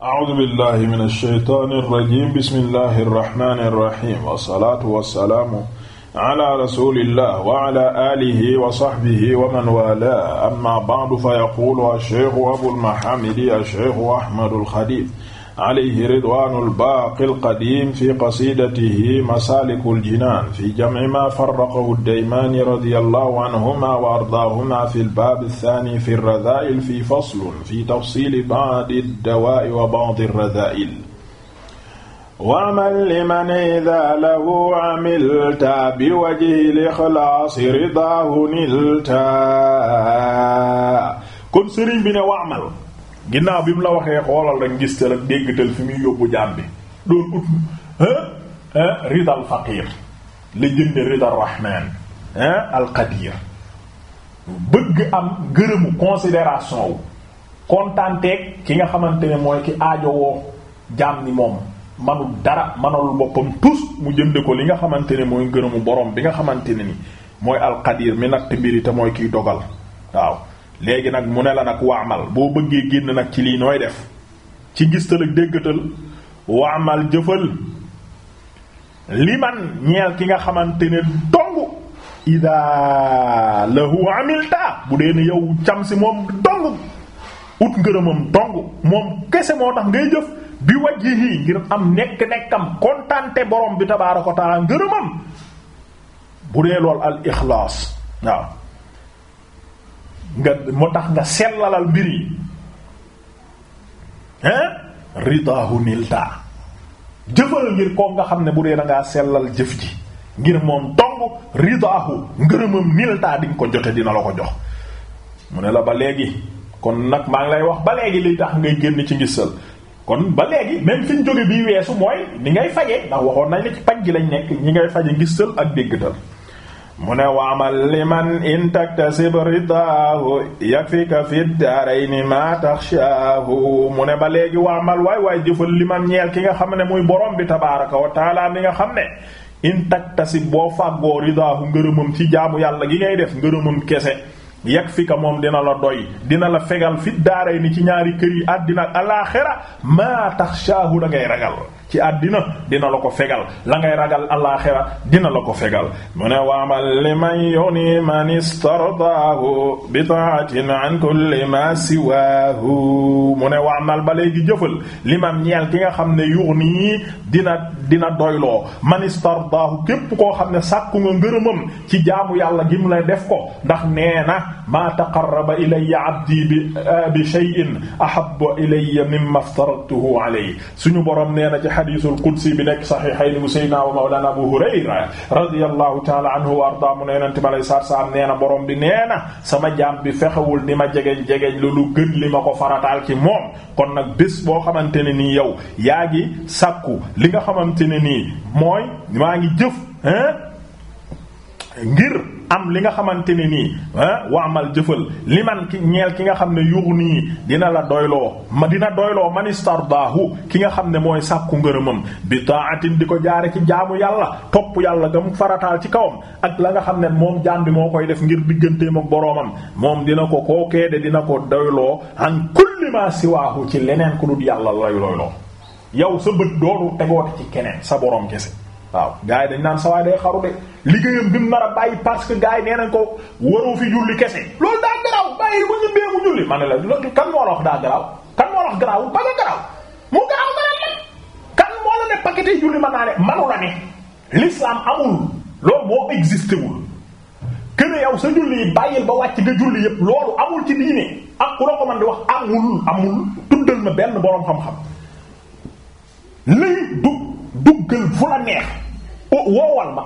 A'uuzu billaahi mina shaytaani rajiim bismillaahi rahmaani rahiim wassalaatu wassalaamu alaa rasuulillaah wa alaa aalihi wa sahbihi wa man waalaahu ammaa ba'du fa yaquulu ash-shaykhu Abul Mahaamidi ash-shaykhu Ahmadul Xadiim alayhi ridwaanul baaqil qadiim fi qasiidatihi masaalikul jinaan fi jamci maa farraqahu daymaani radiyallahu anhumaa wa ardaahumaa fil baab saani fi radaa'il fi faslun fi tafsiili ba'di dawaa'i wa ba'di radaa'il. wa'mal liman idaa lahu amilta biwajhil ixlaasi ridaahu nilta. kon sëriñ bi ne wa'mal. ginnaaw bi mu la waxee xoolal rek gis teel ak déggtal fi muy yóbbu jaam bi doon ut ridal faqir la jënde ridal rahman al qadir bëgg am gërëmu considération wu kontaanteeg ki nga xamante ne mooy ki aajowoo jaam ni moom manul dara manalul boppam tus mu jënd ko li nga xamante ne mooy gërëmu borom bi nga xamante ne ni mooy alqadir mi natt mbiri te mooy kiy dogal waaw léegi nag mu ne la nag waamal boo bëggee génn nag ci lii nooy def ci gistal ak déggatal waamal jëfal li man ñeel ki nga xamante ne dong ida lahu amilta bu dee ne yow cam si moom dong ut ngërëmam dong moom kese moo tax ngay jëf bi wajhihi ngir am nekk-nekkam kontante borom bi tabaaraka wa ngërëmam bu dee lool al waaw nga moo tax nga sellalal mbir yi hein ridaahu nilta jëfal ngir koo nga xam ne bu dee da ngaa sellal jëf ji ngir moom dong ridaahu ngërëmam nilta di nga ko jote dina la ko jox mu ne la ba léegi kon nag maa ngi lay wax ba léegi li tax ngay génn ci ngisal kon ba léegi même fi ñu jóge bii weesu mooy ni ngay faje ndax waxoon nañ la ci paj gi lañ nekk ñi ngay faje ngisal ak déggtal mu ne waamal liman in taktasib ridaahu yakfika fi daarayni maa taxshaahu mu ne ba léegi waamal waay waay jëfal liman ñeel ki nga xam ne muy borom bi tabaaraka wa taala mi nga xam ne in taktasib boo fàggoo ridaahu ngërëmam ci jaamu yàlla gi ngay def ngërëmam kese yakfika moom dina la doy dina la fegal fi daarayni ci ñaari kër yi àddina ak alaaxira maa taxshaahu da ngay ragal ci àddina dina la ko fegal la ngay ragal alaaxira dina la ko fegal mu ne waamal li man yuni man istardaahu bi ma siwaahu mu ne waamal ba léegi jëfal li man ñeel ki nga xam ne yuni dina dina doyloo man istardaahu képp koo xam ne sàkku nga ngërëmam ci jaamu yàlla gi mu lay def ko ndax nee na maa taqarraba ilayya abdi bi bi shay'in ahabba ilayya mimma aftaratuhu alayhi suñu borom nee na ci xadiisul qudsi bi nekk saxiixayni bu Seydina wa Mawlana Abu Hurayra radiyallahu taala anhu wa ardaa mu ne yonente bi alayhi salaatu nee na borom bi nee na sama jaam bi fexewul ni ma jegeñ jegeñ lu lu gën li ma ko farataal ci moom kon nag bés boo xamante ne nii yow yaa ngi sàkku li nga xamante ne nii mooy maa ngi jëf hein ngir am li nga xamante ne nii ah waamal jëfal li man ki ñeel ki nga xam ne yuux nii dina la doyloo ma dina doyloo man istardaahu ki nga xam ne mooy sàkku ngërëmam bi taatin di ko jaare ci jaamu yàlla topp yàlla nga mu farataal ci kawam ak la nga xam ne moom jaam bi moo koy def ngir digganteem ak boroomam moom dina ko kookee de dina ko doyloo an kulli ma siwaahu ci leneen ku dul yàlla lay doyloo yow sa bët dootu tegooti ci keneen sa boroom kese waaw gars yi dañ naan sawaay day xaru de liggéeyam bi mu nar a bàyyi parce que gars yi nee nañ ko waroo fi julli kese loolu daa garaaw bàyyi ko ñu beemu julli ma ne la kan moo la wax daa garaaw kan moo la wax garaaw ba nga garaaw mu garaaw garaaw la kan moo la ne paquet julli mën naa ne manu la ne l'islam amul loolu moo existé wul kene yow sa julli yi bàyyil ba wàcc nga julli yëpp loolu amul ci diine ak ku la ko mën di wax amul amul tuddal ma benn boroom xam-xam lay du duggal fu la neex woowal ma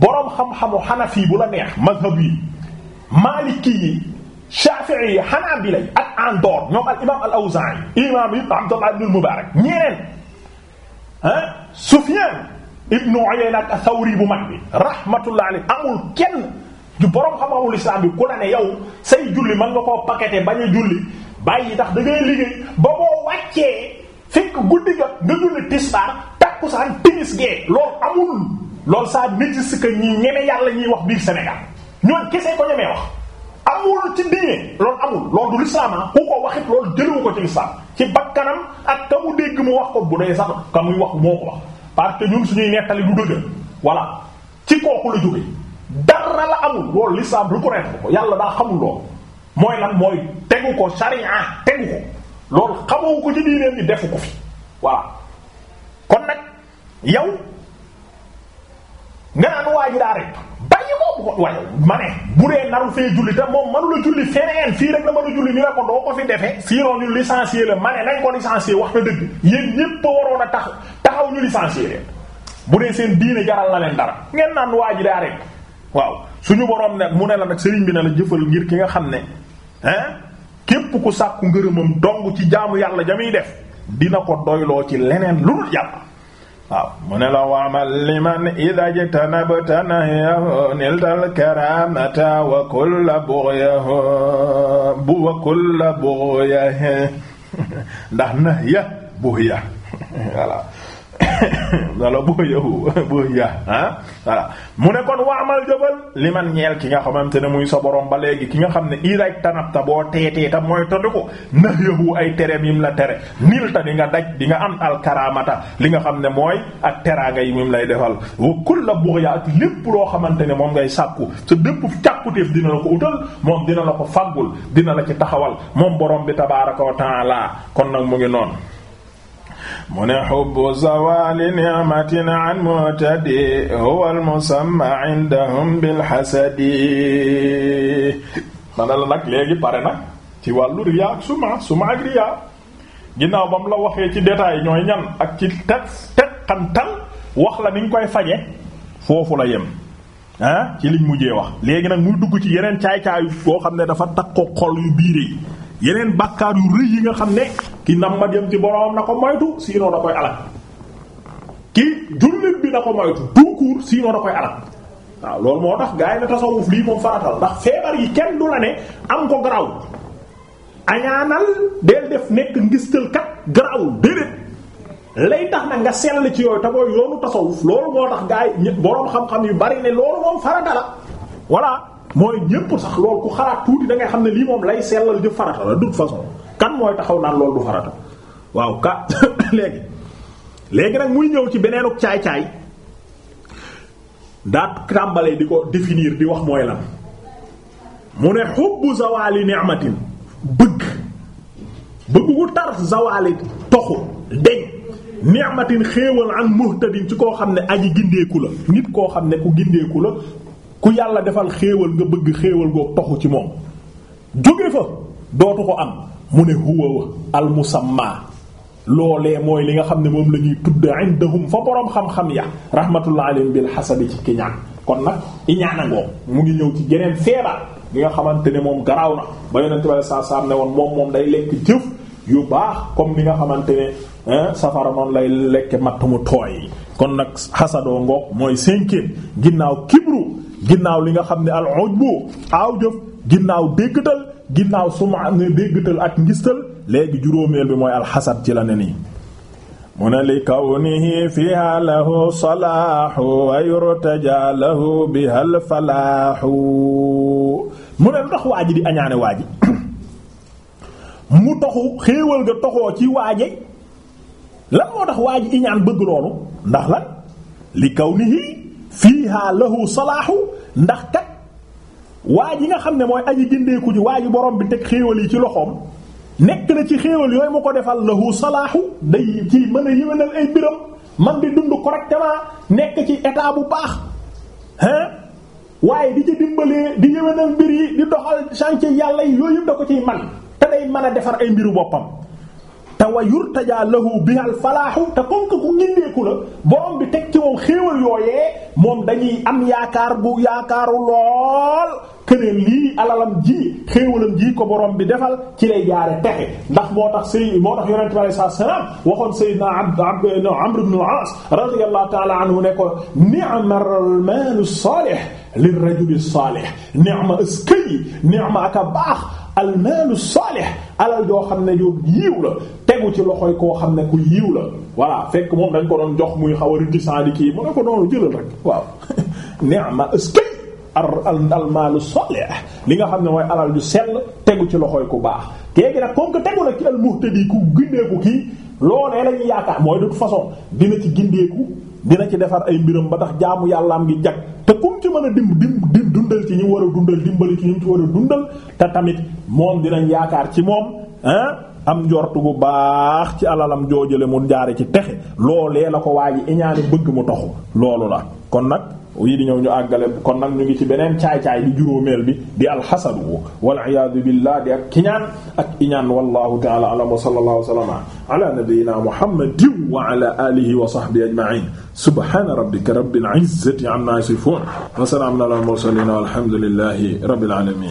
boroom xam-xamu xanafi bu la neex mazhab yi maliki yi shafi'i yi xanaabila yi ak en dehors ñoom al imam al awza'i imam yi abdullah ibn al bu mag bi rahmatullah alayhi amul kenn du boroom xam-xamul islam bi ku la ne yow say julli mën nga koo paqueté bañ a julli bàyyi ndax da ngay liggéey ba boo wàccee fekk julli tisbaar tàkkusaan timis gee loolu amul lool saa n'existe que ñi ñeme yàlla ñuy wax biir Sénégal ñoo kese ko ñemee wax amul ci diine loolu amul loolu du lislaam ah. ku ko waxit loolu jëliwu ko ci lislaam ci bakkanam ak ka mu dégg mu wax ko bu dee sax ka muy wax moo ko wax parce que ñun suñuy nettali du dëgg voilà ci kooku la jóge dara la amul loolu lislaam reconnaître ko yàlla daa xamul loolu mooy lan mooy tegu ko sharia tegu ko loolu xamoo ko ci diineen ni ko fi voilà yow nga naan waa ji daa rek bàyyi ko waaye ma bu dee naru fee julli te moom mënu la julli feneen fii rek la mën a julli ñu ne ko doo ko fi defee. sinon ñu licencier la ma ne nañ ko licencier wax na dëgg yéen ñépp waroon a tax taxaw ñu licencier leen bu dee seen diine jaral na leen dara ngeen naan waa ji daa waaw suñu borom nag mu ne la nag sëriñ bi na la jëfal ngir ki nga xam ne hein képp ku sàkku ngërëmam dong ci jaamu yàlla jamuy def dina ko doyloo ci leneen lu dul yàlla waaw mu ne la waamal liman idajtanabta nahyahu niltal karamata wa kulla bughyahu bu wa kulla bughyahi ndax nahya bughya voilà wala boo yow boo yaa ah mu ne kon waamal jëbal li man ñeel ki nga xamante ne muy sa borom ba léegi ki nga xam ne irak tanabta boo teetee tam mooy toddu ko na yëhu ay tereem yim la tere nil ta nga daj di nga am alkaramata li nga xam ne mooy ak teraanga yi mim lay defal wa kulla bughya ak lépp loo xamante ne moom ngay sàkku sa dépp càkkutéef dina la ko utal moom dina la ko faggul dina la ci taxawal moom borom bi tabaraka wa taala kon nag mu ngi noonu mu ne xubbu zawali nicmatin an mutadi huwa almusamma indahum bilxasadi mana la nag léegi pare nag ci wàllu riyaa ak suma suma ak riyaa ginnaaw ba mu la waxee ci détail ñooy ñan ak ci teg teqantal wax la ni ñu koy faje foofu la yem ah ci liñ mujjee wax léegi nag muy dugg ci yeneen caay-caayu boo xam ne dafa takko xol yu biire yi yeneen bàkkaar yu rëy yi nga xam ne ki nam ma jëm ci boroom na ko moytu sinon da koy alal ki jullit bi na ko moytu tout court da koy alal waaw loolu moo tax gars yi na tasawuf lii moom kenn du la ne am ko garaw añaanal del def nekk lay tax nag nga sell ci yooyu te mooy yoonu tasawuf yu bari ne loolu moom farata la voilà mooy ñépp sax loolu ku xalaat tuuti da xam ne lii moom lay sellal di farata la de façon kan mooy taxaw naan loolu du farata waaw ka léegi léegi nag muy ñëw ci beneenuk caay-caay daa tàmbalee di ko définir di wax mooy lan mu ne xubbu zawali ni'matin bëgg bëgg ku tar zawali toxu deñ ni'matin xéewal an muhtadin ci koo xam ne aji gindeeku la nit koo xam ne ku gindeeku la ku yàlla defal xéewal nga bëgg xéewal goo toxu ci moom jóge fa dootu ko am mu ne huwa al musamma loolee mooy li nga xam ne moom la ñuy tudd indahum fa boroom xam-xam ya rahmatullah alayhim bil xasabi ci kiñaan kon nag iñaanangoo mu ngi ñëw ci geneen feebar li nga xamante ne moom garaaw na ba yonente bi saa saa ne woon moom moom day lekk jëf yu baax comme li nga xamante ne safara moom lay lekke matt mu tooy kon nag xasadoo ngoog mooy cinquième ginnaaw kibru ginnaaw li nga xam ne al ujbu aaw jëf ginnaaw déggatal ginnaaw suma ne déggatal ak ngistal léegi juróomeel bi mooy alxasad ci la ne nii mu ne li kawnihi fiha lahu lahu biha mu ne tax waa ji di añaane waa ji mu ci waaje lan moo tax ndax kat waa ji nga xam ne mooy aji jëndeeku ji waa ji borom bi teg xéewal yi ci loxoom nekk na ci xéewal yooyu mu ko defal lahu salaahu day ci mën a yéwénal ay biram man di dund correctement nekk ci état bu baax hein waaye di ci dimbalee di yéwénal mbir yi di doxal chantier yàlla yi yooyu da ko ciy man te day mën a defar ay mbiru boppam te wa yurtajaa lahu bihal falaahu te kon ku ngindeeku la borom bi teg ci moom xéewal yooyee moom dañuy am yaakaar bu yaakaaru lool këneen lii alalam ji xéewalam ji ko borom bi defal ci lay jaare texe ndax moo tax sëy moo tax yonente bi alayhi salaam waxoon sayyidina Amr ibn al-As radiyallahu ta'ala anhu ne ko ni'mal maalu saalih lirajuli saalih ni'ma askay ni'ma aka baax almaalu saalih alal joo xam ne yow yiiw la tegu ci loxoy koo xam ne ku yiiw la voilà fekk moom dañ ko doon jox muy xaw a réticent di kii mu ne ko noonu jëlal rek waaw ni'ma eskay al maalu salih li nga xam ne mooy alal ju sell tegu ci loxoy ku baax kéegi nag comme que tegu na ci al ku gindeeku kii loolee lañuy yaakaar mooy de façon dina ci gindeeku dina ci defar ay mbiram ba tax jaamu yàllaam ngi jag te kum ci mën a dim dim dim dundal ci ñi war a dundal dimbali ci ñi ci war a dundal te tamit moom dinañ yaakaar ci moom am njortu bu baax ci alalam joojale mu jaare ci texe loolee la ko waa i iñaane bëgg mu taxu loolu la kon nag yi di ñëw ñu àggale kon nag ñu ngi ci beneen caay-caay di juróomeel bi di alxasadu waliyadu billah di ak kiñaan ak iñaan wallahu taala alam wa sallallahu wa sallama ala nabiyyina muhammadin wa ala alihi wa sahbihi ajma'in subhana rabbika rabbil izzati amma yasifun wa salamun ala al mursalin walhamdulillahi rabbil alamin